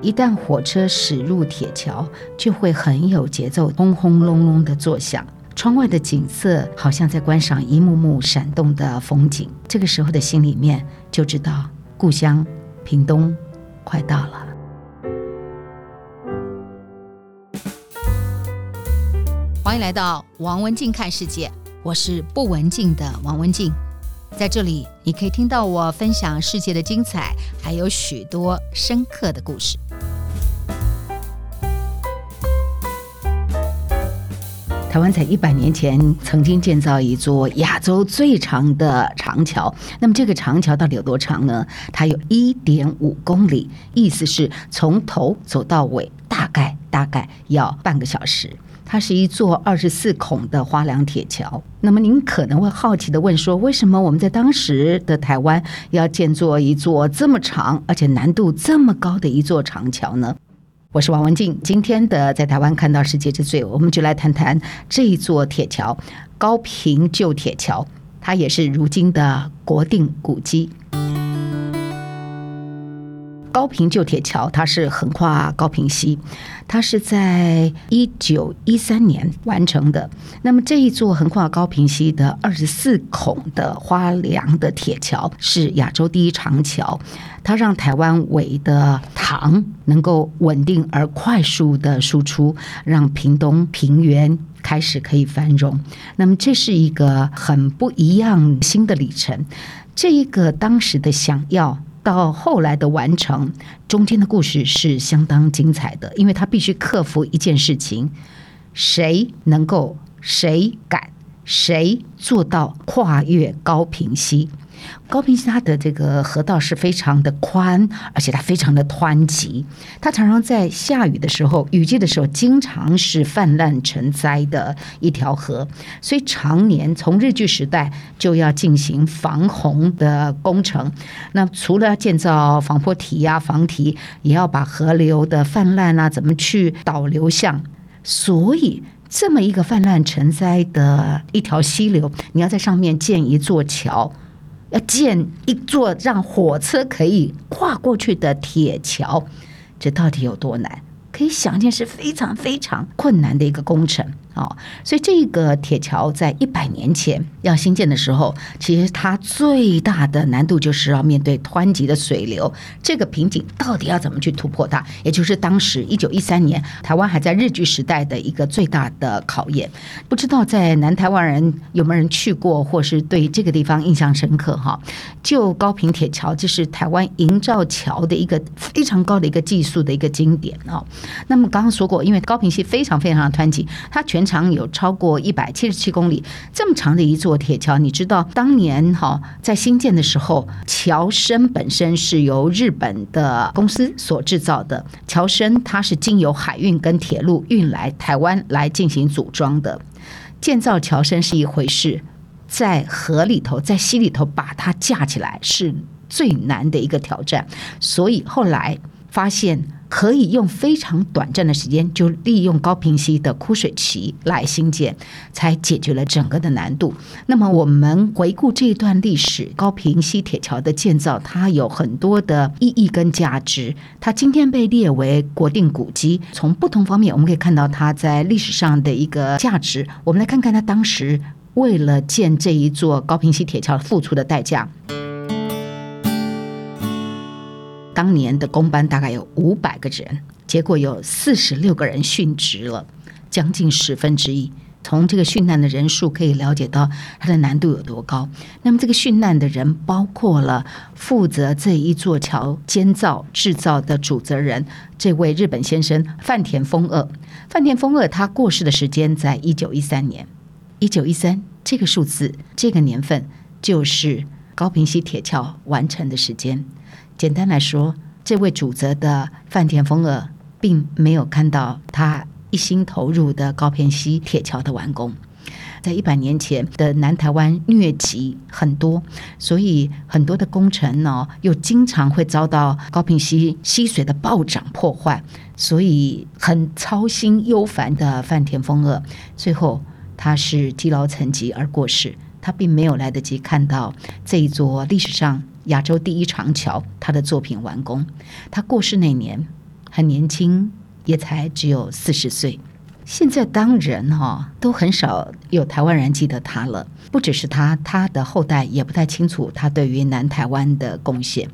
一旦火車駛入鐵橋，就會很有節奏，轟轟隆隆的作響。窗外的景色好像在觀賞一幕幕閃動的風景。這個時候的心裡面就知道，故鄉屏東快到了。歡迎來到王文靜看世界，我是不文靜的王文靜，在這裡你可以聽到我分享世界的精彩，還有許多深刻的故事。台灣在一百年前曾經建造一座亞洲最長的長橋。那麼，這個長橋到底有多長呢？它有一點五公里，意思是從頭走到尾，大概大概要半個小時。它是一座二十四孔的花梁鐵橋。那麼，您可能會好奇地問說，為什麼我們在當時的台灣要建造一座這麼長，而且難度這麼高的一座長橋呢？我是王文靜。今天的在台灣看到世界之最，我們就來談談這一座鐵橋——高屏舊鐵橋，它也是如今的國定古蹟。高屏舊鐵橋，它是橫跨高屏溪，它是在一九一三年完成的。那麼這一座橫跨高屏溪的二十四孔的花梁的鐵橋，是亞洲第一長橋。它讓台灣尾的糖能夠穩定而快速的輸出，讓屏東平原開始可以繁榮。那麼這是一個很不一樣新的里程。這一個當時的想要。到後來的完成，中間的故事是相當精彩的，因為他必須克服一件事情：誰能夠、誰敢、誰做到跨越高屏溪。高屏溪它的這個河道是非常的寬，而且它非常的湍急，它常常在下雨的時候、雨季的時候，經常是泛濫成災的一條河，所以常年從日據時代就要進行防洪的工程。那除了建造防波堤呀、防堤，也要把河流的泛濫啊怎麼去導流向。所以這麼一個泛濫成災的一條溪流，你要在上面建一座橋。要建一座讓火車可以跨過去的鐵橋，這到底有多難？可以想見，是非常非常困難的一個工程。所以這個鐵橋在一百年前要新建的時候，其實它最大的難度就是要面對湍急的水流，這個瓶頸到底要怎麼去突破它？也就是當時一九一三年，台灣還在日據時代的一個最大的考驗。不知道在南台灣人有沒有人去過，或是對這個地方印象深刻？哈，就高屏鐵橋，這是台灣營造橋的一個非常高的一個技術的一個經典啊。那麼剛剛說過，因為高屏溪非常非常的湍急，它全。長有超過一百七十七公里，這麼長的一座鐵橋，你知道當年哈在興建的時候，橋身本身是由日本的公司所製造的，橋身它是經由海運跟鐵路運來台灣來進行組裝的。建造橋身是一回事，在河裡頭、在溪裡頭把它架起來是最難的一個挑戰，所以後來發現。可以用非常短暫的時間，就利用高屏溪的枯水期來興建，才解決了整個的難度。那麼，我們回顧這一段歷史，高屏溪鐵橋的建造，它有很多的意義跟價值。它今天被列為國定古蹟，從不同方面我們可以看到它在歷史上的一個價值。我們來看看它當時為了建這一座高屏溪鐵橋付出的代價。當年的工班大概有五百個人，結果有四十六個人殉職了，將近十分之一。從這個殉難的人數可以了解到它的難度有多高。那麼，這個殉難的人包括了負責這一座橋建造製造的主責人，這位日本先生飯田豐二。飯田豐二他過世的時間在一九一三年，一九一三這個數字，這個年份就是高屏溪鐵橋完成的時間。簡單來說，這位主責的飯田豐爾並沒有看到他一心投入的高屏溪鐵橋的完工。在一百年前的南台灣，瘧疾很多，所以很多的工程呢、哦，又經常會遭到高屏溪溪水的暴漲破壞，所以很操心憂煩的飯田豐爾，最後他是積勞成疾而過世，他並沒有來得及看到這一座歷史上。亞洲第一長橋，他的作品完工。他過世那年很年輕，也才只有四十歲。現在當然哈、哦，都很少有台灣人記得他了。不只是他，他的後代也不太清楚他對於南台灣的貢獻。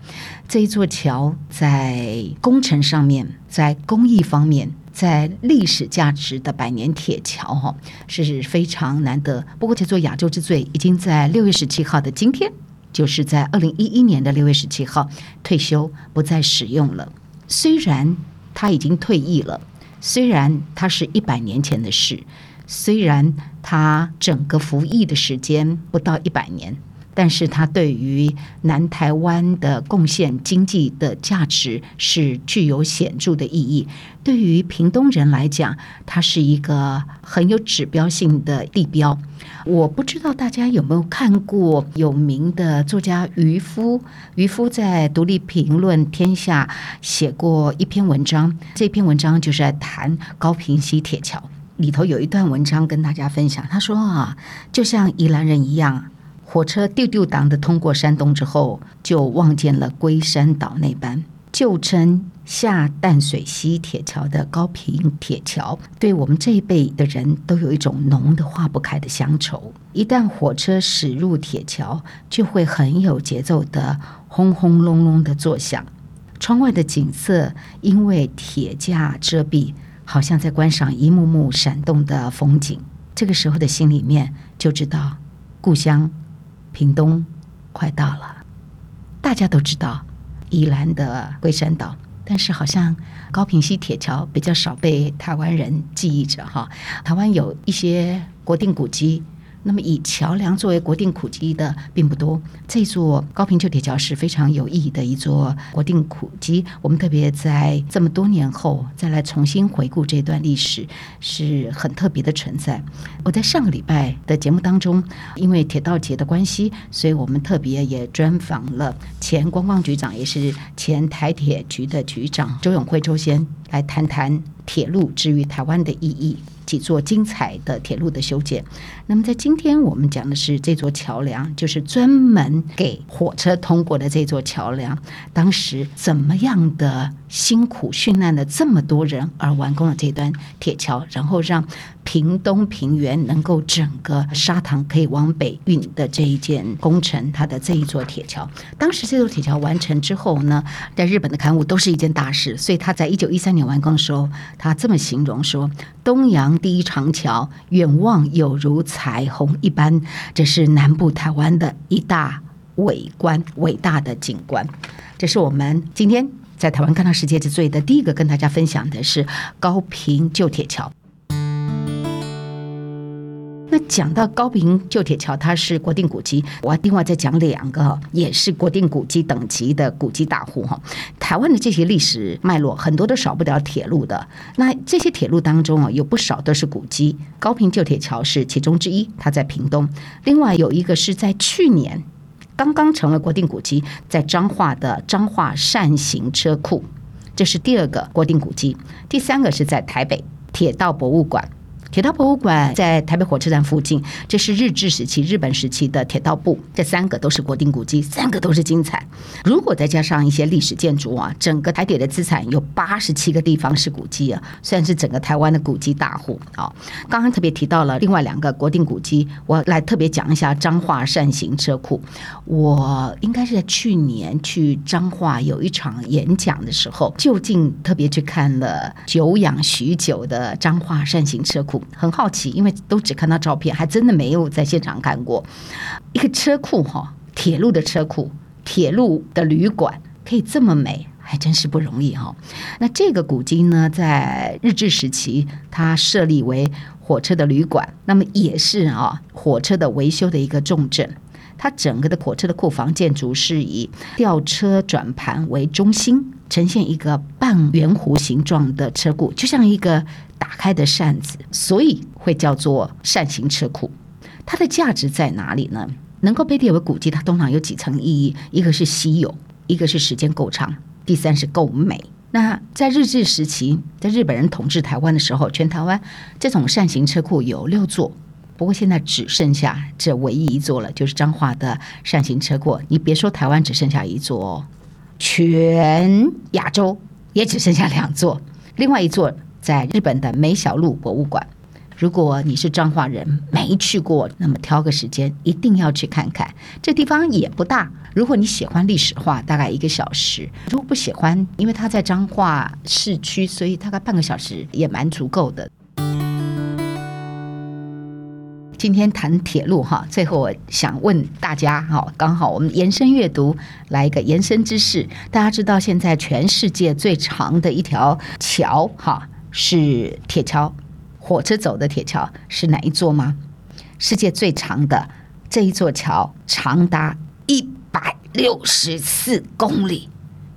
這一座橋在工程上面，在工藝方面，在歷史價值的百年鐵橋哈、哦，是非常難得。不過，這座亞洲之最已經在六月十七號的今天。就是在二零一一年的六月十七號退休，不再使用了。雖然他已經退役了，雖然他是一百年前的事，雖然他整個服役的時間不到一百年。但是它對於南台灣的貢獻、經濟的價值是具有顯著的意義。對於屏東人來講，它是一個很有指標性的地標。我不知道大家有沒有看過有名的作家漁夫，漁夫在《獨立評論天下》寫過一篇文章，這篇文章就是在談高屏溪鐵橋。裡頭有一段文章跟大家分享，他說啊，就像宜蘭人一樣。火車「丟丟噹」的通過山洞之後，就望見了龜山島那般舊稱下淡水溪鐵橋的高屏鐵橋，對我們這一輩的人都有一種濃的化不開的鄉愁。一旦火車駛入鐵橋，就會很有節奏的轟轟隆隆的作響，窗外的景色因為鐵架遮蔽，好像在觀賞一幕幕閃動的風景。這個時候的心裡面就知道故鄉。屏東，快到了，大家都知道，宜蘭的龜山島，但是好像高屏溪鐵橋比較少被台灣人記憶着哈。台灣有一些國定古蹟。那麼，以橋梁作為國定古蹟的並不多。這座高屏舊鐵橋是非常有意義的一座國定古蹟。我們特別在這麼多年後再來重新回顧這段歷史，是很特別的存在。我在上個禮拜的節目當中，因為鐵道節的關係，所以我們特別也專訪了前觀光局長，也是前台鐵局的局長周永輝周先來談談鐵路之於台灣的意義。幾座精彩的鐵路的修建，那麼在今天我們講的是這座橋梁，就是專門給火車通過的這座橋梁。當時怎麼樣的辛苦、殉難了這麼多人而完工了這段鐵橋，然後讓。屏東平原能夠整個砂糖可以往北運的這一件工程，它的這一座鐵橋，當時這座鐵橋完成之後呢，在日本的刊物都是一件大事，所以他在一九一三年完工的時候，他這麼形容說：“東洋第一長橋，遠望有如彩虹一般，這是南部台灣的一大偉觀，偉大的景觀。”這是我們今天在台灣看到世界之最的第一個跟大家分享的是高屏舊鐵橋。那講到高屏舊鐵橋，它是國定古蹟。我要另外再講兩個，也是國定古蹟等級的古蹟大戶哈。台灣的這些歷史脈絡，很多都少不了鐵路的。那這些鐵路當中啊，有不少都是古蹟。高屏舊鐵橋是其中之一，它在屏東。另外有一個是在去年剛剛成為國定古蹟，在彰化的彰化扇形車庫，這是第二個國定古蹟。第三個是在台北鐵道博物館。鐵道博物館在台北火車站附近，這是日治時期日本時期的鐵道部，這三個都是國定古蹟，三個都是精彩。如果再加上一些歷史建築啊，整個台鐵的資產有八十七個地方是古蹟啊，算是整個台灣的古蹟大戶啊、哦。剛剛特別提到了另外兩個國定古蹟，我來特別講一下彰化扇形車庫。我應該是在去年去彰化有一場演講的時候，就近特別去看了久仰許久的彰化扇形車庫。很好奇，因為都只看到照片，還真的沒有在現場看過。一個車庫哈，鐵路的車庫，鐵路的旅館可以這麼美，還真是不容易哈。那這個古蹟呢，在日治時期，它設立為火車的旅館，那麼也是啊，火車的維修的一個重鎮。它整個的火車的庫房建築是以吊車轉盤為中心，呈現一個半圓弧形狀的車庫，就像一個打開的扇子，所以會叫做扇形車庫。它的價值在哪裡呢？能夠被列為古蹟，它通常有幾層意義：一個是稀有，一個是時間夠長，第三是夠美。那在日治時期，在日本人統治台灣的時候，全台灣這種扇形車庫有六座，不過現在只剩下這唯一一座了，就是彰化的扇形車庫。你別說台灣只剩下一座哦。全亞洲也只剩下兩座，另外一座在日本的梅小路博物館。如果你是彰化人，沒去過，那麼挑個時間一定要去看看。這地方也不大，如果你喜歡歷史的話，大概一個小時；如果不喜歡，因為它在彰化市區，所以大概半個小時也蠻足夠的。今天談鐵路哈，最後我想問大家哈，剛好我們延伸閱讀來一個延伸知識，大家知道現在全世界最長的一條橋哈是鐵橋，火車走的鐵橋是哪一座嗎？世界最長的這一座橋長達一百六十四公里，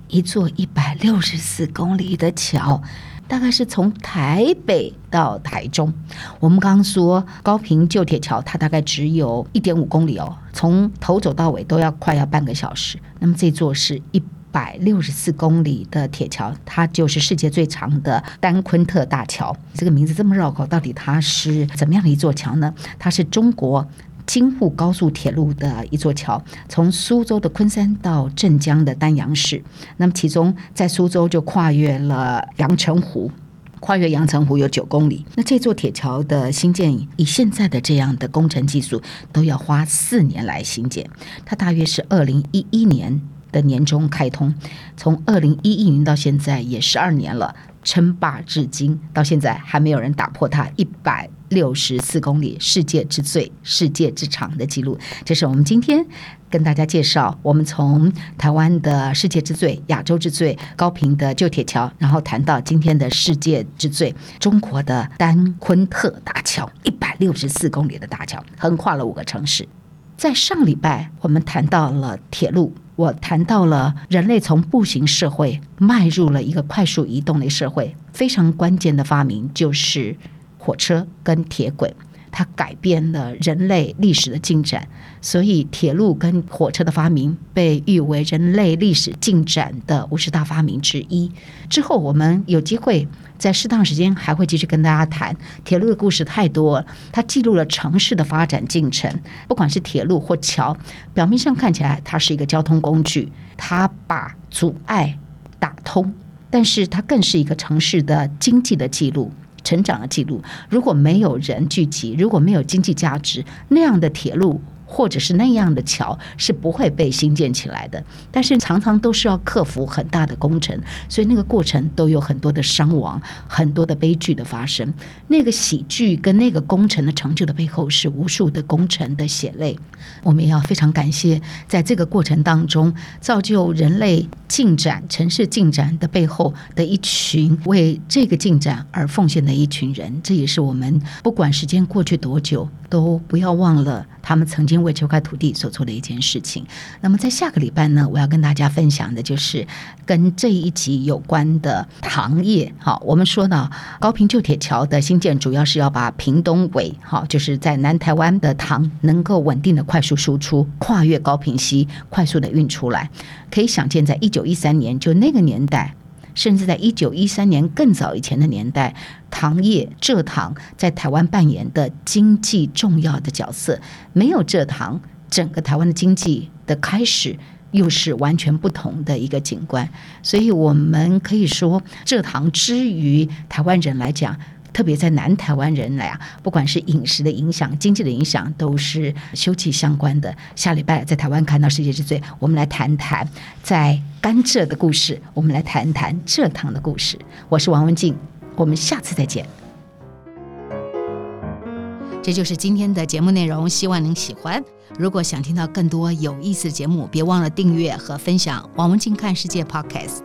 一座一百六十四公里的橋。大概是從台北到台中，我們剛剛說高屏舊鐵橋，它大概只有一點五公里哦，從頭走到尾都要快要半個小時。那麼這座是一百六十四公里的鐵橋，它就是世界最長的丹昆特大橋。這個名字這麼繞口，到底它是怎麼樣的一座橋呢？它是中國。京滬高速鐵路的一座橋，從蘇州的昆山到鎮江的丹陽市。那麼，其中在蘇州就跨越了陽澄湖，跨越陽澄湖有九公里。那這座鐵橋的興建，以現在的這樣的工程技術，都要花四年來興建。它大約是二零一一年的年中開通，從二零一一年到現在也十二年了，稱霸至今，到現在還沒有人打破它一百。六十四公里，世界之最、世界之長的記錄，這是我們今天跟大家介紹。我們從台灣的世界之最、亞洲之最——高屏的舊鐵橋，然後談到今天的世界之最——中國的丹昆特大橋，一百六十四公里的大橋，橫跨了五個城市。在上禮拜，我們談到了鐵路，我談到了人類從步行社會邁入了一個快速移動的社會，非常關鍵的發明就是。火車跟鐵軌，它改變了人類歷史的進展。所以，鐵路跟火車的發明被譽為人類歷史進展的五十大發明之一。之後，我們有機會在適當時間還會繼續跟大家談，鐵路的故事太多，它記錄了城市的發展進程。不管是鐵路或橋，表面上看起來它是一個交通工具，它把阻礙打通，但是它更是一個城市的經濟的記錄。成長的記錄，如果沒有人聚集，如果沒有經濟價值，那樣的鐵路，或者是那樣的橋是不會被興建起來的，但是常常都是要克服很大的工程，所以那個過程都有很多的傷亡、很多的悲劇的發生。那個喜劇跟那個工程的成就的背後，是無數的工程的血淚。我們也要非常感謝，在這個過程當中造就人類進展、城市進展的背後的一群為這個進展而奉獻的一群人。這也是我們不管時間過去多久，都不要忘了。他們曾經為這塊土地所做的一件事情。那麼，在下個禮拜呢，我要跟大家分享的就是跟這一集有關的糖業。好，我們說呢，高屏舊鐵橋的興建，主要是要把屏東尾，好，就是在南台灣的糖能夠穩定的快速輸出，跨越高屏溪，快速的運出來。可以想見，在一九一三年就那個年代。甚至在一九一三年更早以前的年代，糖業蔗糖在台灣扮演的經濟重要的角色，沒有蔗糖，整個台灣的經濟的開始又是完全不同的一個景觀。所以我們可以說，蔗糖之於台灣人來講。特別在南台灣人來啊，不管是飲食的影響、經濟的影響，都是休戚相關的。下禮拜在台灣看到世界之最，我們來談談在甘蔗的故事，我們來談談蔗糖的故事。我是王文靜，我們下次再見。這就是今天的節目內容，希望您喜歡。如果想聽到更多有意思的節目，別忘了訂閱和分享《王文靜看世界》Podcast。